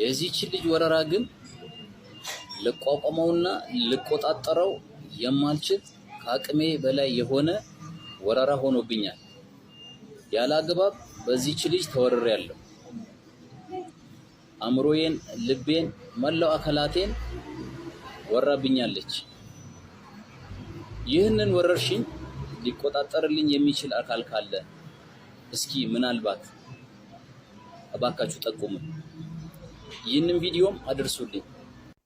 የዚህችን ልጅ ወረራ ግን ልቋቋመውና ልቆጣጠረው የማልችል ከአቅሜ በላይ የሆነ ወረራ ሆኖብኛል። ያለ አግባብ በዚህች ልጅ ተወርሬያለሁ። አእምሮዬን፣ ልቤን፣ መላው አካላቴን ወራብኛለች። ይህንን ወረርሽኝ ሊቆጣጠርልኝ የሚችል አካል ካለ እስኪ ምናልባት እባካችሁ ጠቁሙን። ይህንን ቪዲዮም አድርሱልኝ።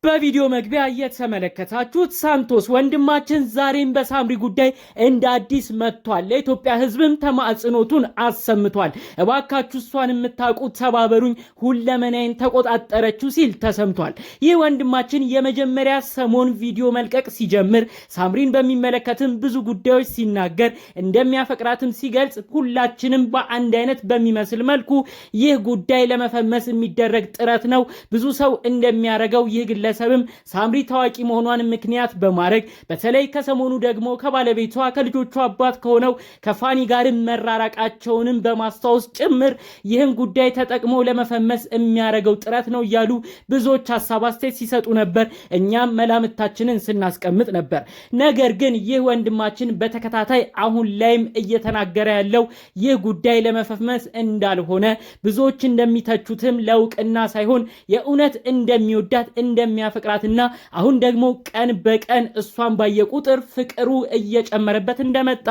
በቪዲዮ መግቢያ እየተመለከታችሁት ሳንቶስ ወንድማችን ዛሬም በሳምሪ ጉዳይ እንደ አዲስ መጥቷል። ለኢትዮጵያ ሕዝብም ተማጽኖቱን አሰምቷል። እባካችሁ እሷን የምታውቁት ተባበሩኝ፣ ሁለመናይን ተቆጣጠረችው ሲል ተሰምቷል። ይህ ወንድማችን የመጀመሪያ ሰሞን ቪዲዮ መልቀቅ ሲጀምር ሳምሪን በሚመለከትም ብዙ ጉዳዮች ሲናገር እንደሚያፈቅራትም ሲገልጽ ሁላችንም በአንድ አይነት በሚመስል መልኩ ይህ ጉዳይ ለመፈመስ የሚደረግ ጥረት ነው ብዙ ሰው እንደሚያደርገው ይህ ግለ ግለሰብም ሳምሪ ታዋቂ መሆኗን ምክንያት በማድረግ በተለይ ከሰሞኑ ደግሞ ከባለቤቷ ከልጆቹ አባት ከሆነው ከፋኒ ጋርም መራራቃቸውንም በማስታወስ ጭምር ይህን ጉዳይ ተጠቅሞ ለመፈመስ የሚያደርገው ጥረት ነው እያሉ ብዙዎች ሀሳብ አስተያየት ሲሰጡ ነበር። እኛም መላምታችንን ስናስቀምጥ ነበር። ነገር ግን ይህ ወንድማችን በተከታታይ አሁን ላይም እየተናገረ ያለው ይህ ጉዳይ ለመፈመስ እንዳልሆነ ብዙዎች እንደሚተቹትም ለእውቅና ሳይሆን የእውነት እንደሚወዳት እንደሚ እንደሚያፈቅራትና አሁን ደግሞ ቀን በቀን እሷን ባየ ቁጥር ፍቅሩ እየጨመረበት እንደመጣ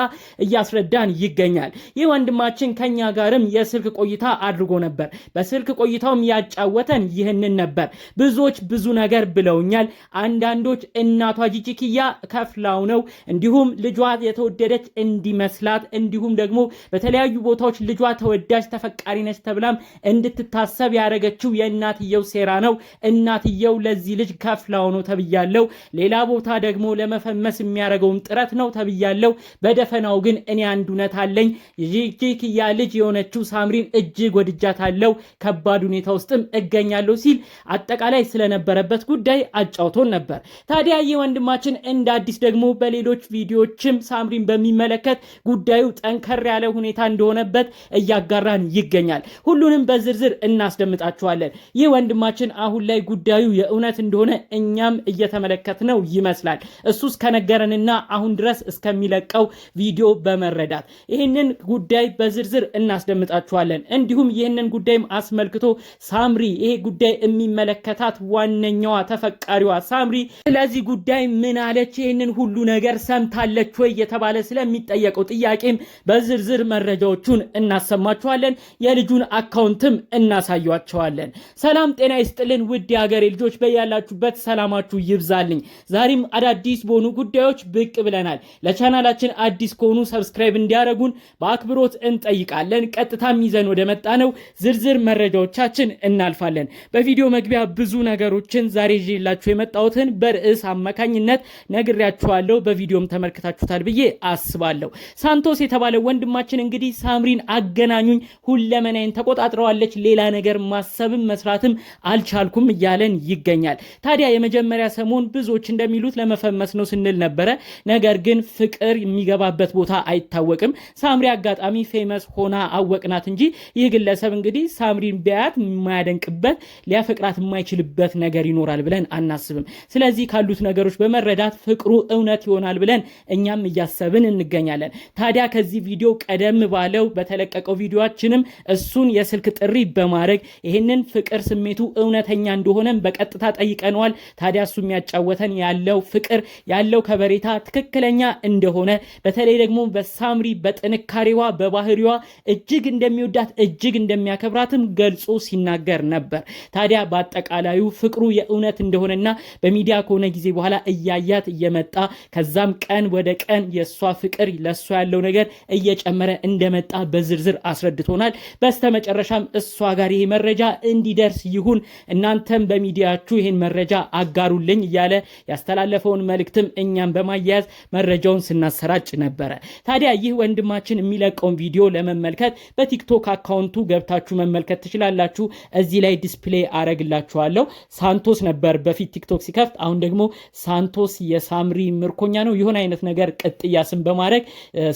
እያስረዳን ይገኛል። ይህ ወንድማችን ከኛ ጋርም የስልክ ቆይታ አድርጎ ነበር። በስልክ ቆይታውም ያጫወተን ይህንን ነበር። ብዙዎች ብዙ ነገር ብለውኛል። አንዳንዶች እናቷ ጂጂኪያ ከፍላው ነው፣ እንዲሁም ልጇ የተወደደች እንዲመስላት፣ እንዲሁም ደግሞ በተለያዩ ቦታዎች ልጇ ተወዳጅ ተፈቃሪ ነች ተብላም እንድትታሰብ ያደረገችው የእናትየው ሴራ ነው። እናትየው ለዚህ ልጅ ከፍላው ነው ተብያለው። ሌላ ቦታ ደግሞ ለመፈመስ የሚያደርገውን ጥረት ነው ተብያለው። በደፈናው ግን እኔ አንድ እውነት አለኝ። የጂጂክያ ልጅ የሆነችው ሳምሪን እጅግ ወድጃታለው፣ ከባድ ሁኔታ ውስጥም እገኛለሁ ሲል አጠቃላይ ስለነበረበት ጉዳይ አጫውቶን ነበር። ታዲያ ይህ ወንድማችን እንደ አዲስ ደግሞ በሌሎች ቪዲዮዎችም ሳምሪን በሚመለከት ጉዳዩ ጠንከር ያለ ሁኔታ እንደሆነበት እያጋራን ይገኛል። ሁሉንም በዝርዝር እናስደምጣችኋለን። ይህ ወንድማችን አሁን ላይ ጉዳዩ የእውነት እንደሆነ እኛም እየተመለከትነው ይመስላል። እሱ እስከነገረንና አሁን ድረስ እስከሚለቀው ቪዲዮ በመረዳት ይህንን ጉዳይ በዝርዝር እናስደምጣችኋለን። እንዲሁም ይህንን ጉዳይም አስመልክቶ ሳምሪ ይሄ ጉዳይ የሚመለከታት ዋነኛዋ ተፈቃሪዋ ሳምሪ ስለዚህ ጉዳይ ምን አለች፣ ይህንን ሁሉ ነገር ሰምታለች ወይ የተባለ ስለሚጠየቀው ጥያቄም በዝርዝር መረጃዎቹን እናሰማችኋለን። የልጁን አካውንትም እናሳያቸዋለን። ሰላም ጤና ይስጥልን ውድ የሀገሬ ልጆች በያላ በያላችሁበት ሰላማችሁ ይብዛልኝ። ዛሬም አዳዲስ በሆኑ ጉዳዮች ብቅ ብለናል። ለቻናላችን አዲስ ከሆኑ ሰብስክራይብ እንዲያደርጉን በአክብሮት እንጠይቃለን። ቀጥታም ይዘን ወደ ነው ዝርዝር መረጃዎቻችን እናልፋለን። በቪዲዮ መግቢያ ብዙ ነገሮችን ዛሬ ይዤላችሁ የመጣሁትን በርዕስ አማካኝነት ነግሬያችኋለሁ። በቪዲዮም ተመልክታችሁታል ብዬ አስባለሁ። ሳንቶስ የተባለ ወንድማችን እንግዲህ ሳምሪን አገናኙኝ፣ ሁለመናይን ተቆጣጥረዋለች፣ ሌላ ነገር ማሰብም መስራትም አልቻልኩም እያለን ይገኛል። ታዲያ የመጀመሪያ ሰሞን ብዙዎች እንደሚሉት ለመፈመስ ነው ስንል ነበረ። ነገር ግን ፍቅር የሚገባበት ቦታ አይታወቅም። ሳምሪ አጋጣሚ ፌመስ ሆና አወቅናት እንጂ ይህ ግለሰብ እንግዲህ ሳምሪን ቢያያት የማያደንቅበት ሊያፈቅራት የማይችልበት ነገር ይኖራል ብለን አናስብም። ስለዚህ ካሉት ነገሮች በመረዳት ፍቅሩ እውነት ይሆናል ብለን እኛም እያሰብን እንገኛለን። ታዲያ ከዚህ ቪዲዮ ቀደም ባለው በተለቀቀው ቪዲዮችንም እሱን የስልክ ጥሪ በማድረግ ይህንን ፍቅር ስሜቱ እውነተኛ እንደሆነም በቀጥታ ጠይቀ ጠይቀነዋል። ታዲያ እሱ የሚያጫወተን ያለው ፍቅር ያለው ከበሬታ ትክክለኛ እንደሆነ በተለይ ደግሞ በሳምሪ በጥንካሬዋ በባህሪዋ እጅግ እንደሚወዳት እጅግ እንደሚያከብራትም ገልጾ ሲናገር ነበር። ታዲያ በአጠቃላዩ ፍቅሩ የእውነት እንደሆነና በሚዲያ ከሆነ ጊዜ በኋላ እያያት እየመጣ ከዛም ቀን ወደ ቀን የእሷ ፍቅር ለእሷ ያለው ነገር እየጨመረ እንደመጣ በዝርዝር አስረድቶናል። በስተመጨረሻም እሷ ጋር ይሄ መረጃ እንዲደርስ ይሁን እናንተም በሚዲያችሁ ይህን መረጃ አጋሩልኝ እያለ ያስተላለፈውን መልእክትም እኛም በማያያዝ መረጃውን ስናሰራጭ ነበረ። ታዲያ ይህ ወንድማችን የሚለቀውን ቪዲዮ ለመመልከት በቲክቶክ አካውንቱ ገብታችሁ መመልከት ትችላላችሁ። እዚህ ላይ ዲስፕሌይ አረግላችኋለሁ። ሳንቶስ ነበር በፊት ቲክቶክ ሲከፍት፣ አሁን ደግሞ ሳንቶስ የሳምሪ ምርኮኛ ነው የሆነ አይነት ነገር ቅጥያ ስም በማድረግ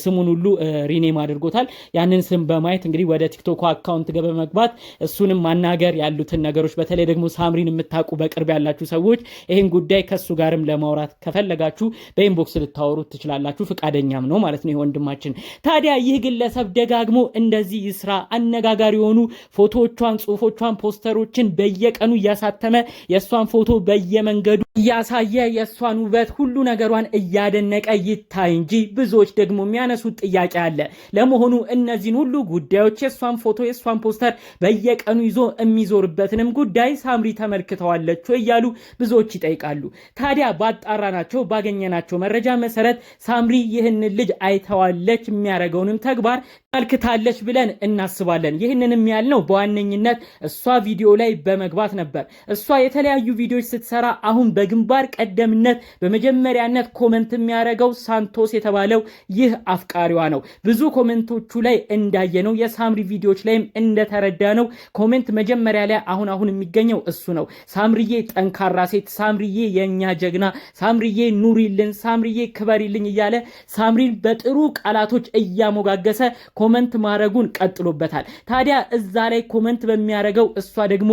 ስሙን ሁሉ ሪኔም አድርጎታል። ያንን ስም በማየት እንግዲህ ወደ ቲክቶክ አካውንት ገበመግባት እሱንም ማናገር ያሉትን ነገሮች በተለይ ደግሞ ሳምሪን የምታውቁ በቅርብ ያላችሁ ሰዎች ይህን ጉዳይ ከሱ ጋርም ለማውራት ከፈለጋችሁ በኢንቦክስ ልታወሩት ትችላላችሁ። ፍቃደኛም ነው ማለት ነው ወንድማችን። ታዲያ ይህ ግለሰብ ደጋግሞ እንደዚህ ይስራ አነጋጋሪ የሆኑ ፎቶዎቿን፣ ጽሁፎቿን፣ ፖስተሮችን በየቀኑ እያሳተመ የእሷን ፎቶ በየመንገዱ እያሳየ የእሷን ውበት ሁሉ ነገሯን እያደነቀ ይታይ እንጂ ብዙዎች ደግሞ የሚያነሱት ጥያቄ አለ። ለመሆኑ እነዚህን ሁሉ ጉዳዮች የእሷን ፎቶ፣ የእሷን ፖስተር በየቀኑ ይዞ የሚዞርበትንም ጉዳይ ሳምሪ ተመልክተዋለች እያሉ ብዙዎች ይጠይቃሉ። ታዲያ ባጣራናቸው ባገኘናቸው መረጃ መሰረት ሳምሪ ይህንን ልጅ አይተዋለች። የሚያደርገውንም ተግባር መልክታለች ብለን እናስባለን። ይህንንም ያልነው በዋነኝነት እሷ ቪዲዮ ላይ በመግባት ነበር። እሷ የተለያዩ ቪዲዮዎች ስትሰራ አሁን በግንባር ቀደምነት በመጀመሪያነት ኮመንት የሚያደርገው ሳንቶስ የተባለው ይህ አፍቃሪዋ ነው። ብዙ ኮመንቶቹ ላይ እንዳየነው የሳምሪ ቪዲዮዎች ላይም እንደተረዳ ነው ኮመንት መጀመሪያ ላይ አሁን አሁን የሚገኘው እሱ ነው። ሳምርዬ ጠንካራ ሴት፣ ሳምርዬ የእኛ ጀግና፣ ሳምርዬ ኑሪልን፣ ሳምርዬ ክበሪልኝ እያለ ሳምሪን በጥሩ ቃላቶች እያሞጋገሰ ኮመንት ማድረጉን ቀጥሎበታል። ታዲያ እዛ ላይ ኮመንት በሚያደርገው እሷ ደግሞ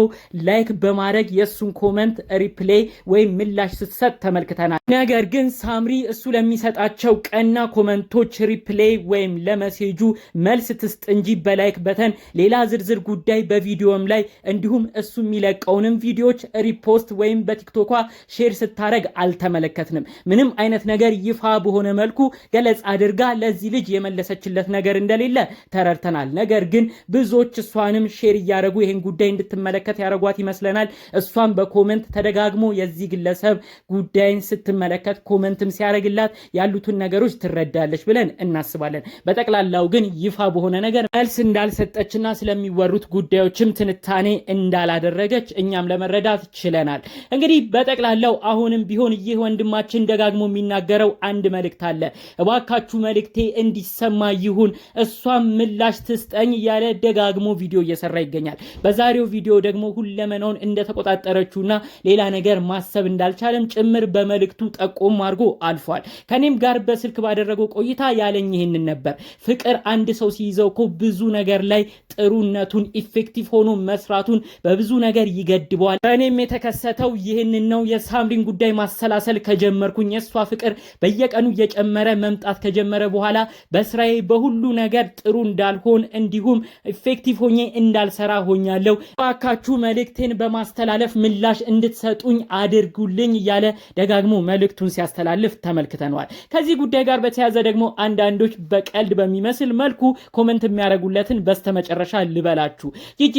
ላይክ በማድረግ የእሱን ኮመንት ሪፕሌይ ወይም ምላሽ ስትሰጥ ተመልክተናል። ነገር ግን ሳምሪ እሱ ለሚሰጣቸው ቀና ኮመንቶች ሪፕሌይ ወይም ለመሴጁ መልስ ትስጥ እንጂ በላይክ በተን ሌላ ዝርዝር ጉዳይ በቪዲዮም ላይ እንዲሁም እሱ የሚለቀውንም ቪዲዮዎች ሪፖስት ወይም በቲክቶኳ ሼር ስታደረግ አልተመለከትንም። ምንም አይነት ነገር ይፋ በሆነ መልኩ ገለጽ አድርጋ ለዚህ ልጅ የመለሰችለት ነገር እንደሌለ ተረድተናል። ነገር ግን ብዙዎች እሷንም ሼር እያደረጉ ይህን ጉዳይ እንድትመለከት ያደረጓት ይመስለናል። እሷም በኮመንት ተደጋግሞ የዚህ ግለሰብ ጉዳይን ስትመለከት ኮመንትም ሲያደርግላት ያሉትን ነገሮች ትረዳለች ብለን እናስባለን። በጠቅላላው ግን ይፋ በሆነ ነገር መልስ እንዳልሰጠችና ስለሚወሩት ጉዳዮችም ትንታኔ እንዳላደረገች እኛም ለመረዳት ችለናል። እንግዲህ በጠቅላላው አሁንም ቢሆን ይህ ወንድማችን ደጋግሞ የሚናገረው አንድ መልእክት አለ። እባካችሁ መልእክቴ እንዲሰማ ይሁን እሷ እሷም ምላሽ ትስጠኝ እያለ ደጋግሞ ቪዲዮ እየሰራ ይገኛል። በዛሬው ቪዲዮ ደግሞ ሁለመናውን እንደተቆጣጠረችውና ሌላ ነገር ማሰብ እንዳልቻለም ጭምር በመልእክቱ ጠቆም አድርጎ አልፏል። ከኔም ጋር በስልክ ባደረገው ቆይታ ያለኝ ይህንን ነበር። ፍቅር አንድ ሰው ሲይዘው እኮ ብዙ ነገር ላይ ጥሩነቱን ኢፌክቲቭ ሆኖ መስራቱን በብዙ ነገር ይገድበዋል። በእኔም የተከሰተው ይህንን ነው። የሳምሪን ጉዳይ ማሰላሰል ከጀመርኩኝ የእሷ ፍቅር በየቀኑ እየጨመረ መምጣት ከጀመረ በኋላ በስራዬ በሁሉ ነገር ጥሩ እንዳልሆን እንዲሁም ኢፌክቲቭ ሆኜ እንዳልሰራ ሆኛለሁ። እባካችሁ መልእክቴን በማስተላለፍ ምላሽ እንድትሰጡኝ አድርጉልኝ እያለ ደጋግሞ መልእክቱን ሲያስተላልፍ ተመልክተነዋል። ከዚህ ጉዳይ ጋር በተያያዘ ደግሞ አንዳንዶች በቀልድ በሚመስል መልኩ ኮመንት የሚያደርጉለትን በስተመጨረሻ ልበላችሁ። ጂጂ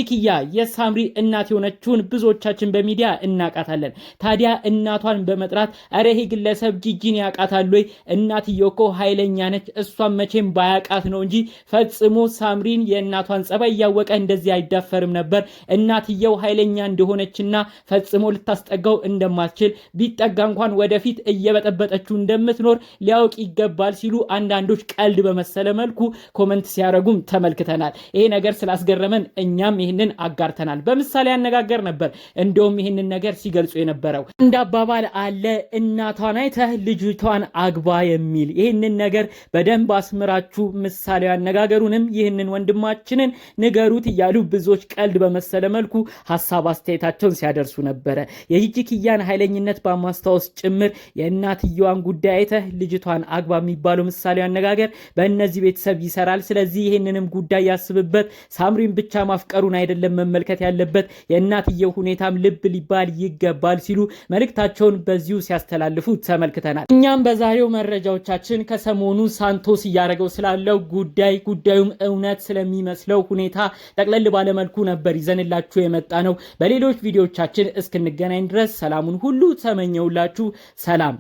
የሳምሪ እናት የሆነችውን ብዙዎቻችን በሚዲያ እናቃታለን። ታዲያ እናቷን በመጥራት እረ ይሄ ግለሰብ ጂጂን ያቃታሉ ወይ? እናትየው እኮ ኃይለኛ ነች፣ እሷን መቼም ባያቃት ነው እንጂ ፈጽሞ ሳምሪን የእናቷን ጸባይ እያወቀ እንደዚህ አይዳፈርም ነበር። እናትየው ኃይለኛ እንደሆነችና ፈጽሞ ልታስጠጋው እንደማትችል ቢጠጋ እንኳን ወደፊት እየበጠበጠችው እንደምትኖር ሊያውቅ ይገባል ሲሉ አንዳንዶች ቀልድ በመሰለ መልኩ ኮመንት ሲያደረጉም ተመልክተናል። ይሄ ነገር ስላስገረመን እኛም ይህንን አጋርተናል። በምሳሌ አነጋገር ነበር እንደውም ይህንን ነገር ሲገልጹ የነበረው እንደ አባባል አለ እናቷን አይተህ ልጅቷን አግባ የሚል ይህንን ነገር በደንብ አስምራችሁ ምሳሌ አነጋገሩንም ይህንን ወንድማችንን ንገሩት እያሉ ብዙዎች ቀልድ በመሰለ መልኩ ሀሳብ አስተያየታቸውን ሲያደርሱ ነበረ። የጂጂክያን ኃይለኝነት በማስታወስ ጭምር የእናትየዋን ጉዳይ አይተህ ልጅቷን አግባ የሚባለው ምሳሌ አነጋገር በእነዚህ ቤተሰብ ይሰራል። ስለዚህ ይህንንም ጉዳይ ያስብበት። ሳምሪን ብቻ ማፍቀሩን አይደለም መመልከት ያለበት የእናትየው ሁኔታም ልብ ሊባል ይገባል ሲሉ መልእክታቸውን በዚሁ ሲያስተላልፉ ተመልክተናል። እኛም በዛሬው መረጃዎቻችን ከሰሞኑ ሳንቶስ እያደረገው ስላለው ጉዳይ ጉዳዩም እውነት ስለሚመስለው ሁኔታ ጠቅለል ባለመልኩ ነበር ይዘንላችሁ የመጣ ነው። በሌሎች ቪዲዮቻችን እስክንገናኝ ድረስ ሰላሙን ሁሉ ተመኘውላችሁ። ሰላም